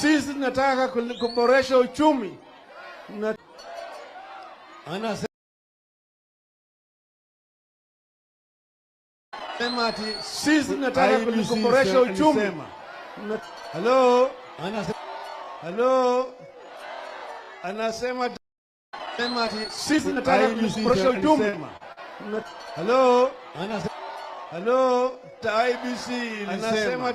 Sisi tunataka kuboresha uchumi na anasema ati sisi tunataka kuboresha uchumi. Hello, anasema hello, anasema anasema ati sisi tunataka kuboresha uchumi. Hello, anasema hello, IBC anasema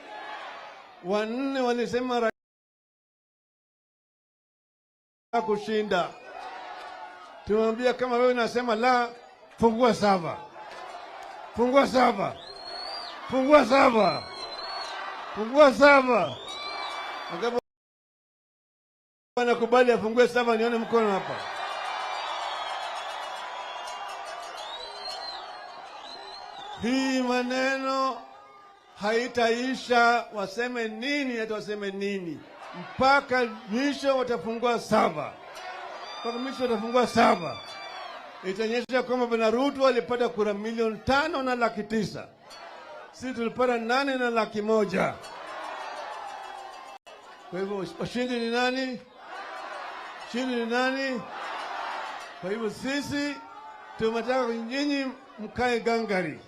wanne walisema kushinda. Tumwambia kama wewe unasema la, fungua saba, fungua saba, fungua saba, fungua saba. anakubali afungue saba, nione mkono hapa. Hii maneno haitaisha, waseme nini hata waseme nini, mpaka mwisho watafungua saba, mpaka mwisho watafungua saba. Itaonyesha kwamba bwana Ruto alipata kura milioni tano na laki tisa sisi tulipata nane na laki moja. Kwa hivyo washindi ni nani? Shindi ni nani? Kwa hivyo sisi tumetaka nyinyi mkae gangari.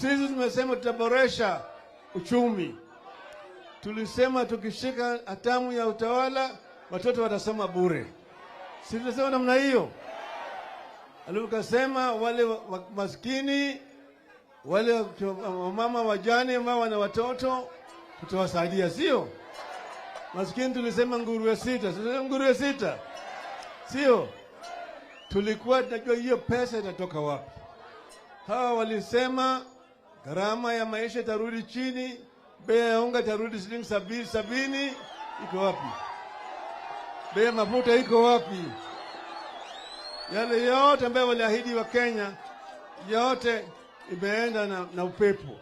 Sisi tumesema tutaboresha uchumi. Tulisema tukishika hatamu ya utawala watoto watasoma bure. Sisi tunasema namna hiyo. alikasema wale maskini, wale wamama wajane ambao wana watoto tutawasaidia, sio maskini. Tulisema nguruwe sita, sasa nguruwe sita, sio tulikuwa tunajua hiyo pesa itatoka wapi. Hawa walisema gharama ya maisha itarudi chini, bei ya unga itarudi shilingi sabini. Sabini iko wapi? Bei ya mafuta iko wapi? Yale yote ambayo waliahidi wa Kenya yote imeenda na, na upepo.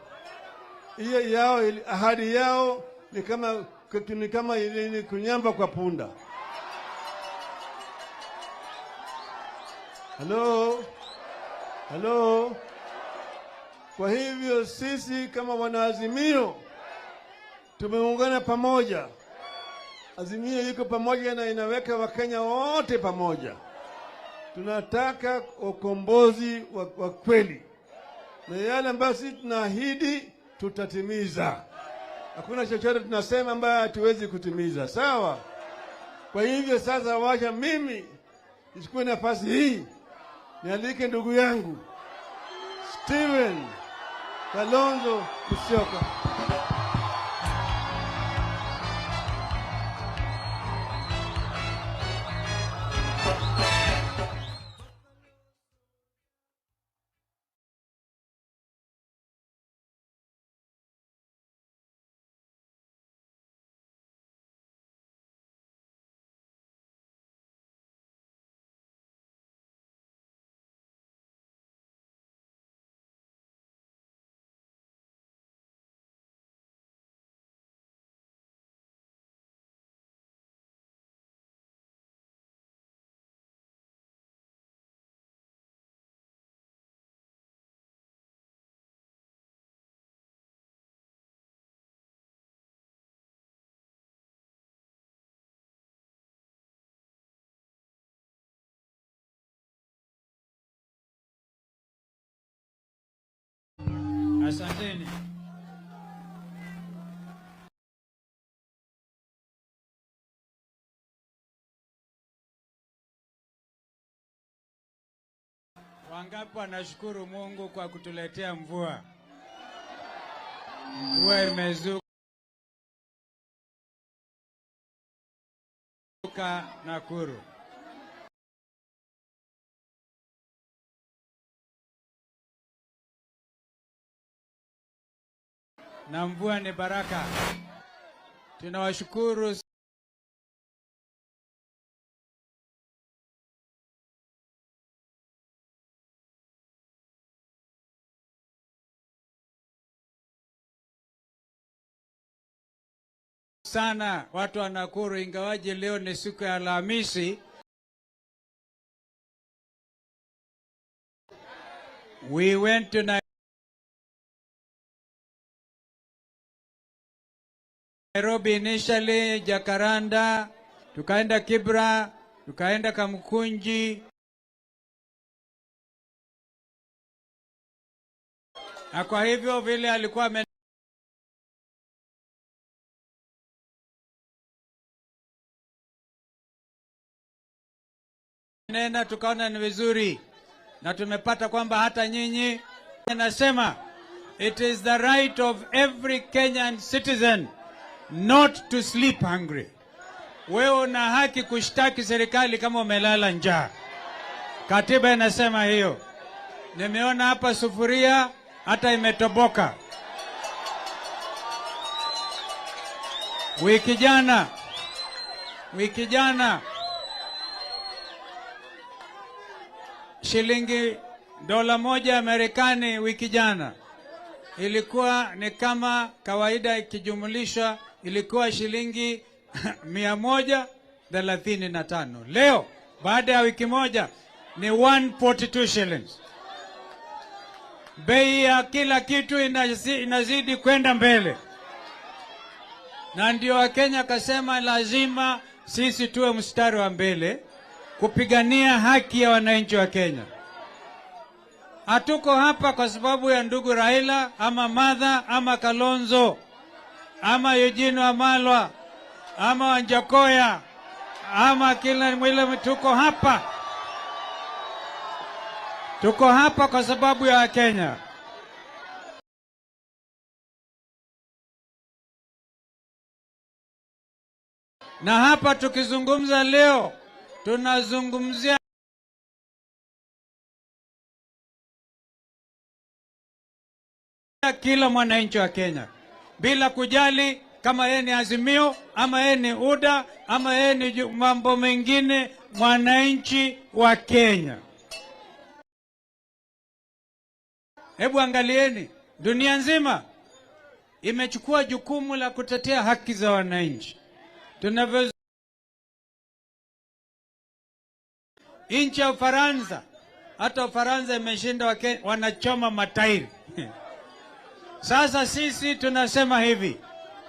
Hiyo yao ahadi yao ni kama ni kama ni kunyamba kwa punda. Halo, halo. Kwa hivyo sisi kama wanaazimio tumeungana pamoja. Azimio iko pamoja na inaweka Wakenya wote pamoja. Tunataka ukombozi wa, wa kweli, na yale ambayo sisi tunaahidi tutatimiza. Hakuna chochote tunasema ambayo hatuwezi kutimiza, sawa? Kwa hivyo sasa, wacha mimi nichukue nafasi hii nialike ndugu yangu Steven Tá longo Asanteni. Wangapi wanashukuru Mungu kwa kutuletea mvua? Mvua imezuka Nakuru. na mvua ni baraka. Tunawashukuru sana watu wa Nakuru, ingawaje leo ni siku ya Alhamisi. We went to Nairobi initially, Jakaranda, tukaenda Kibra, tukaenda Kamkunji. Na kwa hivyo vile alikuwa ame nena, tukaona ni vizuri na tumepata kwamba hata nyinyi, nasema it is the right of every Kenyan citizen not to sleep hungry. Wewe una haki kushtaki serikali kama umelala njaa, katiba inasema hiyo. Nimeona hapa sufuria hata imetoboka. Wiki jana, wiki jana shilingi dola moja ya Marekani wiki jana ilikuwa ni kama kawaida ikijumulishwa ilikuwa shilingi mia moja thelathini na tano. Leo baada ya wiki moja ni 142 shillings. Bei ya kila kitu inazidi, inazidi kwenda mbele, na ndio Wakenya akasema lazima sisi tuwe mstari wa mbele kupigania haki ya wananchi wa Kenya. Hatuko hapa kwa sababu ya ndugu Raila ama Madha ama Kalonzo ama Eugene Wamalwa ama wanjakoya ama kila mwile, tuko hapa, tuko hapa kwa sababu ya Wakenya. Na hapa tukizungumza leo, tunazungumzia kila mwananchi wa Kenya bila kujali kama yeye ni Azimio ama yeye ni UDA ama yeye ni mambo mengine, mwananchi wa Kenya. Hebu angalieni, dunia nzima imechukua jukumu la kutetea haki za wananchi. Tunavyo nchi ya Ufaransa, hata Ufaransa imeshinda wanachoma matairi sasa sisi tunasema hivi,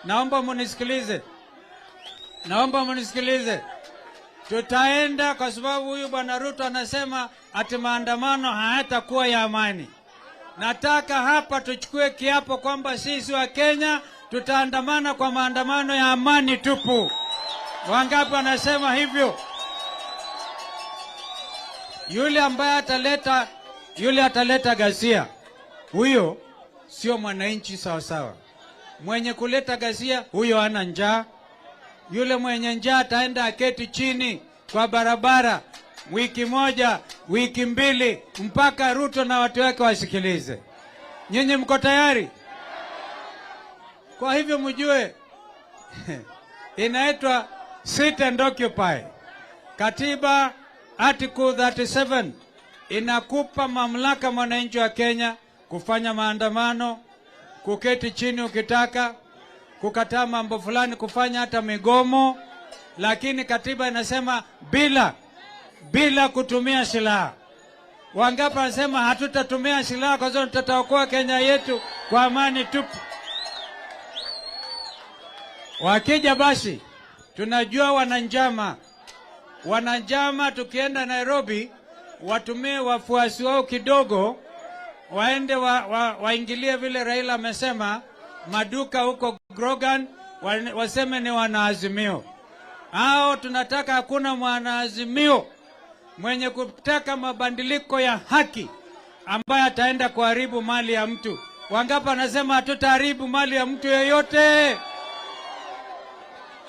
naomba munisikilize, naomba munisikilize. Tutaenda kwa sababu huyu bwana Ruto anasema ati maandamano hayatakuwa ya amani. Nataka hapa tuchukue kiapo kwamba sisi wa Kenya tutaandamana kwa maandamano ya amani tupu. Wangapi wanasema hivyo? Yule ambaye ataleta yule ataleta ghasia huyo sio mwananchi sawasawa. Mwenye kuleta ghasia huyo ana njaa, yule mwenye njaa ataenda aketi chini kwa barabara wiki moja, wiki mbili, mpaka Ruto na watu wake wasikilize. Nyinyi mko tayari? Kwa hivyo mjue inaitwa sit and occupy. Katiba article 37 inakupa mamlaka mwananchi wa Kenya kufanya maandamano, kuketi chini ukitaka, kukataa mambo fulani, kufanya hata migomo, lakini katiba inasema bila bila kutumia silaha. Wangapi wanasema hatutatumia silaha kwa sababu tutaokoa Kenya yetu kwa amani tupu. Wakija basi, tunajua wananjama, wananjama tukienda Nairobi watumie wafuasi wao kidogo waende wa, wa, waingilie vile Raila amesema maduka huko Grogan wa, waseme ni wanaazimio hao. Tunataka hakuna mwanaazimio mwenye kutaka mabadiliko ya haki ambaye ataenda kuharibu mali ya mtu. Wangapa anasema hatutaharibu mali ya mtu yeyote.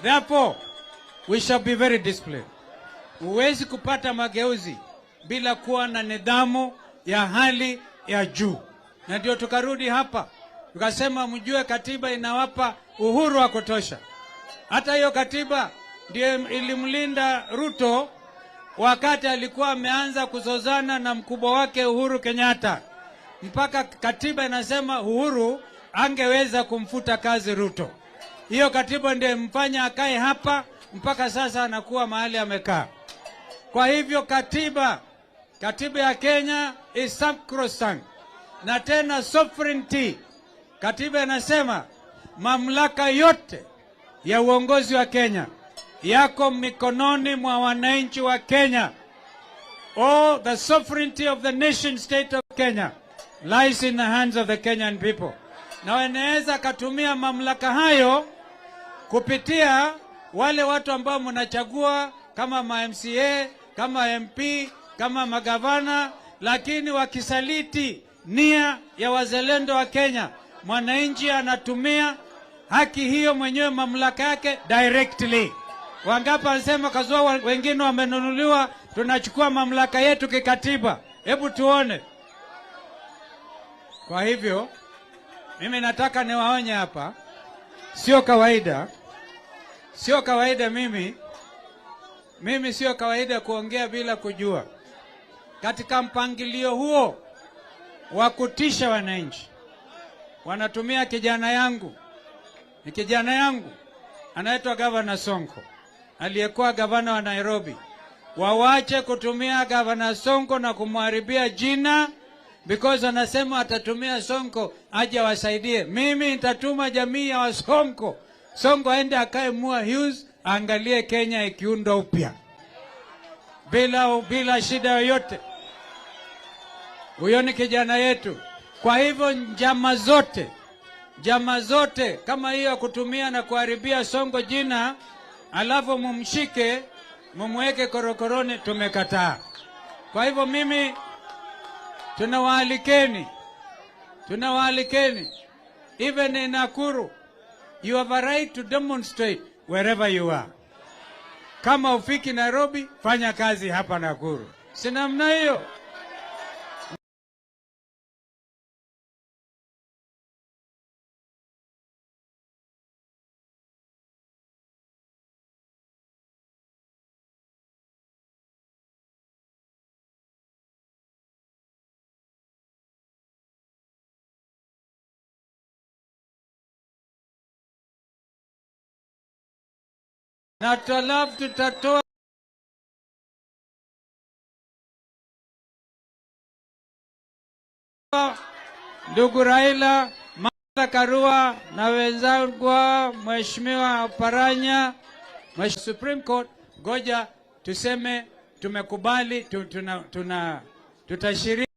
Therefore we shall be very disciplined. Huwezi kupata mageuzi bila kuwa na nidhamu ya hali ya juu, na ndio tukarudi hapa tukasema, mjue katiba inawapa uhuru wa kutosha. Hata hiyo katiba ndio ilimlinda Ruto wakati alikuwa ameanza kuzozana na mkubwa wake Uhuru Kenyatta, mpaka katiba inasema Uhuru angeweza kumfuta kazi Ruto. Hiyo katiba ndio imfanya akae hapa mpaka sasa anakuwa mahali amekaa. Kwa hivyo katiba Katiba ya Kenya is sacrosanct na tena sovereignty. Katiba inasema mamlaka yote ya uongozi wa Kenya yako mikononi mwa wananchi wa Kenya. All the sovereignty of the nation state of Kenya lies in the hands of the Kenyan people, na wanaweza akatumia mamlaka hayo kupitia wale watu ambao mnachagua kama ma MCA, kama MP, kama magavana, lakini wakisaliti nia ya wazalendo wa Kenya, mwananchi anatumia haki hiyo mwenyewe mamlaka yake directly. Wangapi anasema kazua wengine wamenunuliwa, tunachukua mamlaka yetu kikatiba. Hebu tuone. Kwa hivyo mimi nataka niwaonye hapa, sio kawaida, sio kawaida mimi mimi sio kawaida kuongea bila kujua katika mpangilio huo wa kutisha wananchi. Wanatumia kijana yangu, ni kijana yangu anaitwa Gavana Sonko, aliyekuwa gavana wa Nairobi. Wawache kutumia Gavana Sonko na kumharibia jina because anasema atatumia Sonko aje awasaidie. Mimi nitatuma jamii ya Wasonko, Sonko aende akae Mua Hills, aangalie Kenya ikiundwa upya bila, bila shida yoyote. Huyo ni kijana yetu. Kwa hivyo njama zote njama zote kama hiyo ya kutumia na kuharibia songo jina alafu mumshike mumweke korokoroni, tumekataa. Kwa hivyo mimi tunawaalikeni, tunawaalikeni even in Nakuru, you have a right to demonstrate wherever you are. Kama ufiki Nairobi, fanya kazi hapa Nakuru, si namna hiyo? na talafu tutatoa ndugu Raila Martha Karua na wenzangu Mheshimiwa Paranya, Mheshimiwa Supreme Court, ngoja tuseme tumekubali, tuna, tuna tutashiriki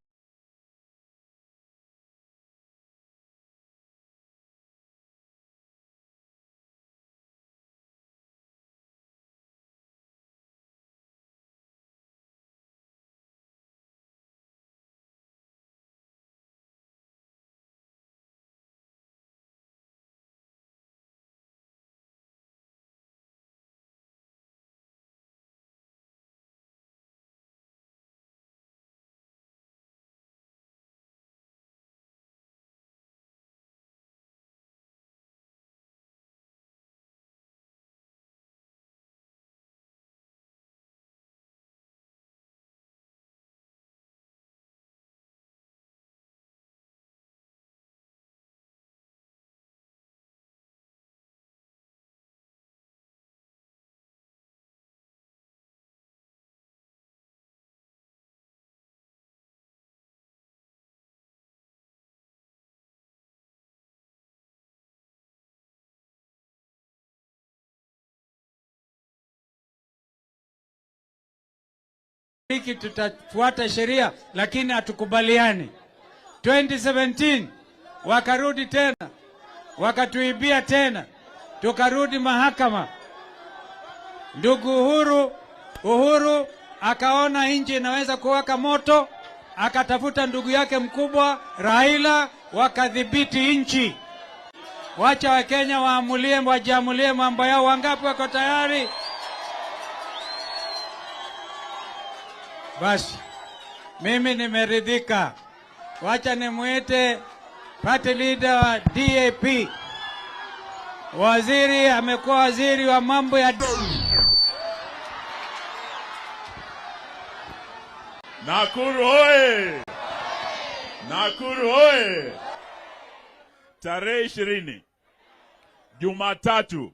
hiki tutafuata sheria, lakini hatukubaliani. 2017 wakarudi tena wakatuibia tena, tukarudi mahakama. Ndugu Uhuru, Uhuru akaona nchi inaweza kuwaka moto, akatafuta ndugu yake mkubwa Raila, wakadhibiti nchi. Wacha Wakenya waamulie, wajiamulie mambo yao. Wangapi wako tayari? Basi mimi nimeridhika, wacha nimwite party leader wa DAP. Waziri amekuwa waziri wa mambo ya Nakuru oye! Nakuru oye! Tarehe ishirini Jumatatu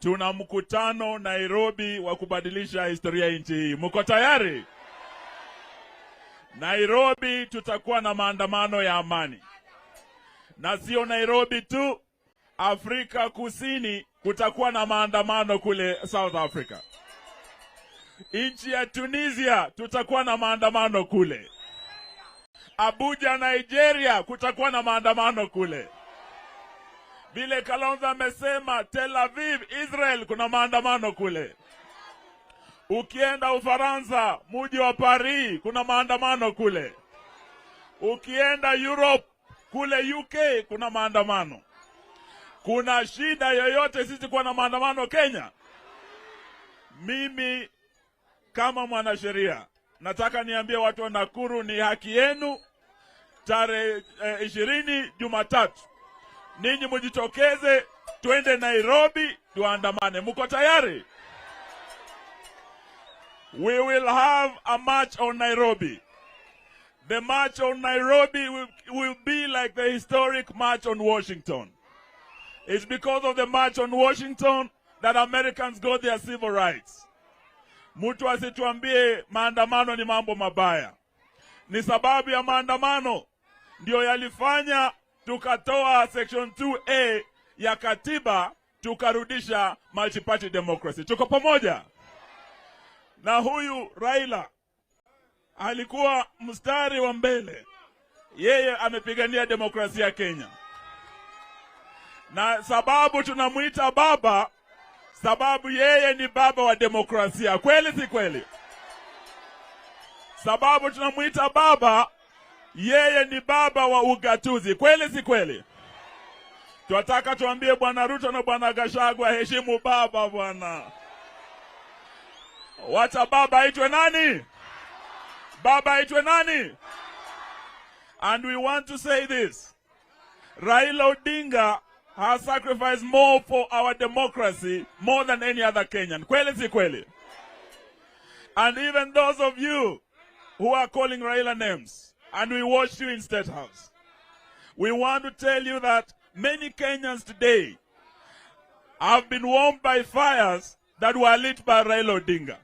tuna mkutano Nairobi wa kubadilisha historia nchi hii. Mko tayari? Nairobi tutakuwa na maandamano ya amani, na sio Nairobi tu, Afrika Kusini kutakuwa na maandamano kule South Africa. Nchi ya Tunisia tutakuwa na maandamano kule. Abuja, Nigeria kutakuwa na maandamano kule. Vile Kalonzo amesema Tel Aviv, Israel, kuna maandamano kule. Ukienda Ufaransa, muji wa Paris, kuna maandamano kule. Ukienda Europe kule UK kuna maandamano. Kuna shida yoyote sisi kuwa na maandamano Kenya? Mimi kama mwanasheria nataka niambie watu wa Nakuru, ni haki yenu. Tarehe eh, ishirini eh, Jumatatu ninyi mjitokeze, twende Nairobi tuandamane. Mko tayari? We will have a march on Nairobi. The march on Nairobi will, will be like the historic march on Washington. It's because of the march on Washington that Americans got their civil rights. Mtu asituambie maandamano ni mambo mabaya. Ni sababu ya maandamano ndiyo yalifanya tukatoa section 2A ya katiba tukarudisha multi-party democracy. Tuko pamoja? Na huyu Raila alikuwa mstari wa mbele, yeye amepigania demokrasia ya Kenya, na sababu tunamwita baba, sababu yeye ni baba wa demokrasia. Kweli si kweli? Sababu tunamwita baba yeye ni baba wa ugatuzi, kweli si kweli? twataka tuambie bwana Ruto na bwana gashagwa heshimu baba bwana. Wacha baba aitwe nani? Baba aitwe nani? And we want to say this. Raila Odinga has sacrificed more for our democracy more than any other Kenyan. Kweli si kweli? And even those of you who are calling Raila names, and we watch you in State House. We want to tell you that many Kenyans today have been warmed by fires that were lit by Raila Odinga.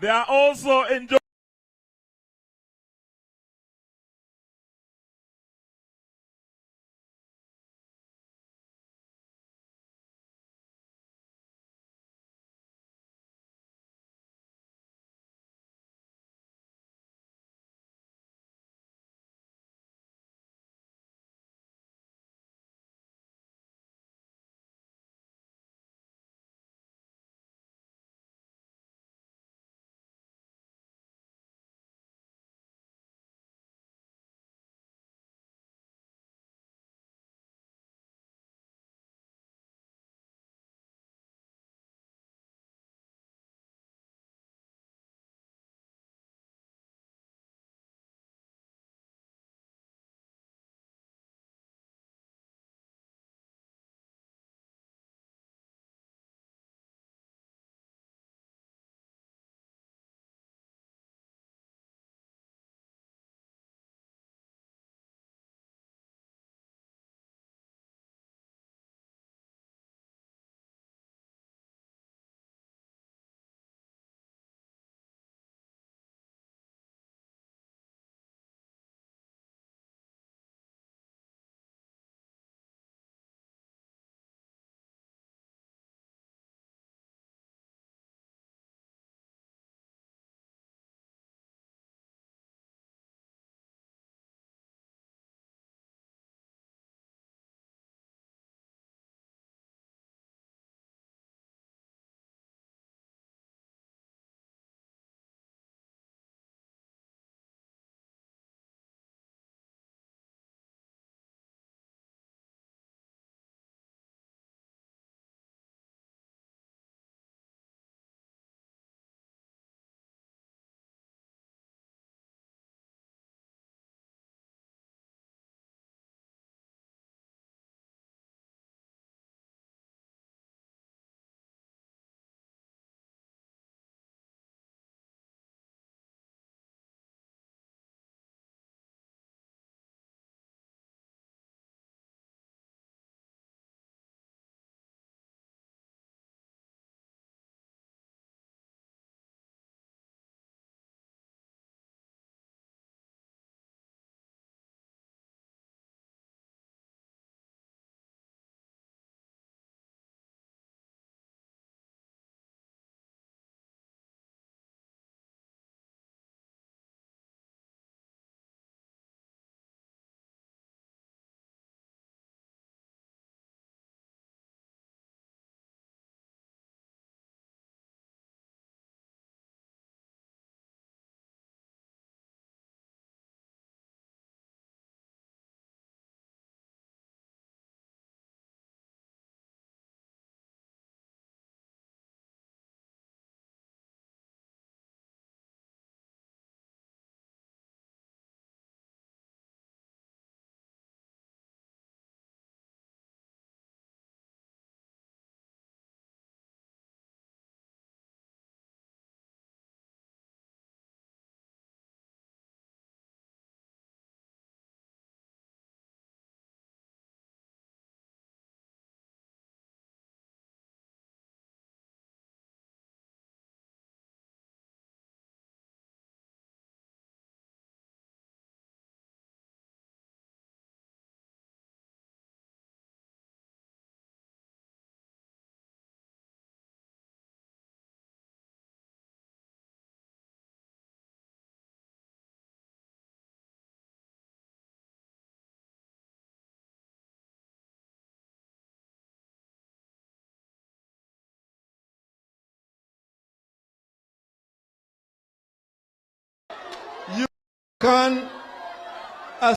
They are also enjoying Can a